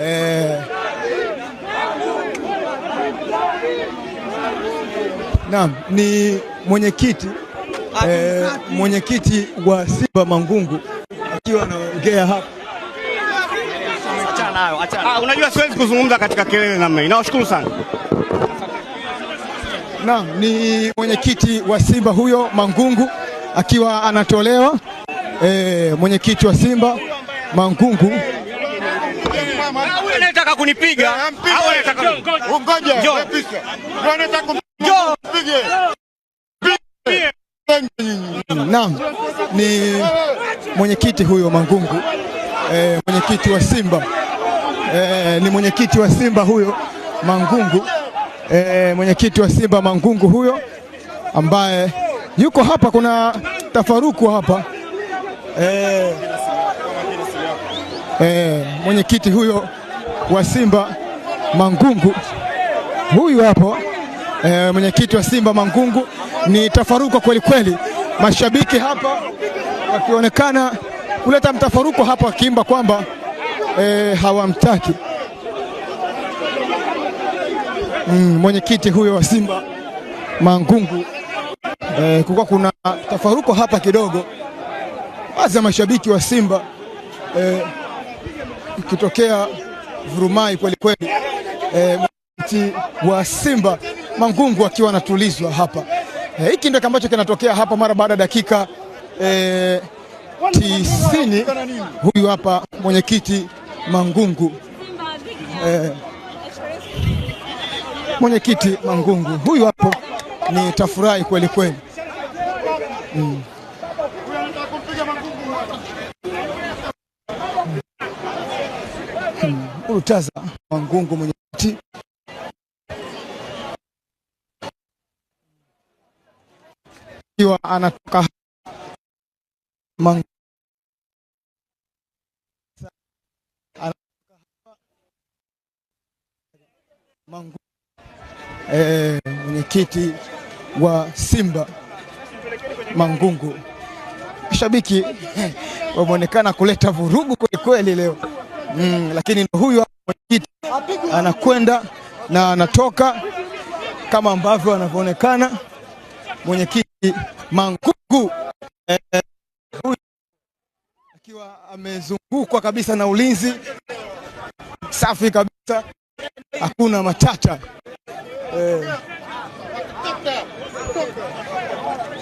eh, naam, ni mwenyekiti ah, eh, mwenyekiti wa Simba Mangungu akiwa anaongea hapa. Achana nayo, achana. Ah, unajua siwezi kuzungumza katika kelele namna hii. Nawashukuru sana. Naam, ni mwenyekiti wa Simba huyo Mangungu akiwa anatolewa eh, mwenyekiti wa Simba Mangungu anataka kunipiga eh, au ngoja? Naam, ni mwenyekiti huyo Mangungu e, mwenyekiti wa Simba e, ni mwenyekiti wa Simba huyo Mangungu e, mwenyekiti wa Simba Mangungu huyo ambaye yuko hapa. Kuna tafaruku hapa e, eh, mwenyekiti huyo wa Simba Mangungu, huyu hapo eh, mwenyekiti wa Simba Mangungu. Ni tafaruko kweli kweli, mashabiki hapa wakionekana kuleta mtafaruko hapa, wakiimba kwamba eh, hawamtaki mm, mwenyekiti huyo wa Simba Mangungu. Eh, kulikuwa kuna tafaruko hapa kidogo, baadhi ya mashabiki wa Simba eh, ikitokea vurumai kwelikweli. E, eh, wa Simba Mangungu akiwa anatulizwa hapa. Eh, hiki e, ndio ambacho kinatokea hapa mara baada ya dakika e, tisini. Huyu hapa mwenyekiti Mangungu e, mwenyekiti Mangungu huyu hapo, ni kweli kweli mm. Lutaza mangungu mwenyekiti iwa anatoka Mangu e, eh, mwenyekiti wa Simba Mangungu, shabiki wameonekana kuleta vurugu kwelikweli leo mm, lakini huyu mwenyekiti anakwenda na anatoka kama ambavyo anavyoonekana mwenyekiti Mangungu eh, huyu akiwa amezungukwa kabisa na ulinzi safi kabisa, hakuna matata eh,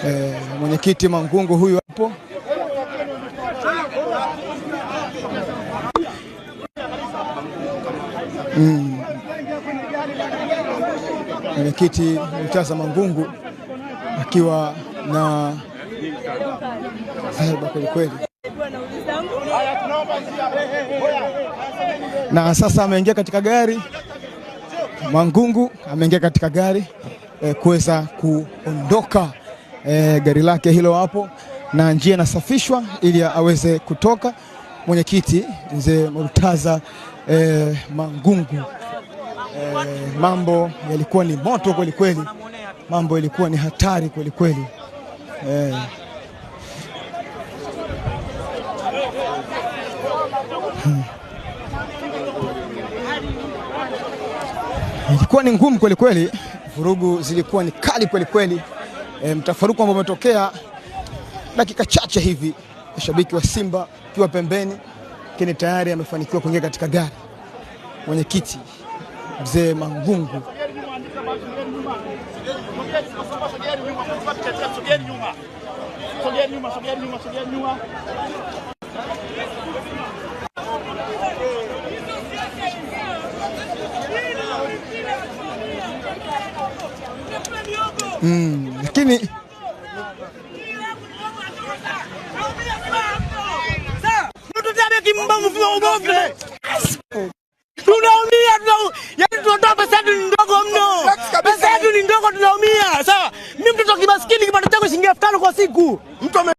eh, mwenyekiti Mangungu huyu hapo. Mm. Mwenyekiti mm. Mtaza Mangungu akiwa na heba kwelikweli, na sasa ameingia katika gari. Mangungu ameingia katika gari e, kuweza kuondoka e, gari lake hilo hapo, na njia inasafishwa ili aweze kutoka mwenyekiti mzee Murtaza e, Mangungu. e, mambo yalikuwa ni moto kweli kweli, mambo yalikuwa ni hatari kweli kweli e. hmm. Ilikuwa ni ngumu kweli kweli, vurugu zilikuwa ni kali kweli kweli. E, mtafaruku ambao umetokea dakika chache hivi mashabiki wa Simba kiwa pembeni, lakini tayari amefanikiwa kuingia katika gari. Mwenyekiti mzee Mangungu hmm, lakini mm. mbavu vyogove tunaumia yani, tunatoa pesa yetu ni ndogo mno, pesa yetu ni ndogo, tunaumia. Sawa, mimi mtoto kimaskini, kipato changu shilingi elfu tano kwa siku mtu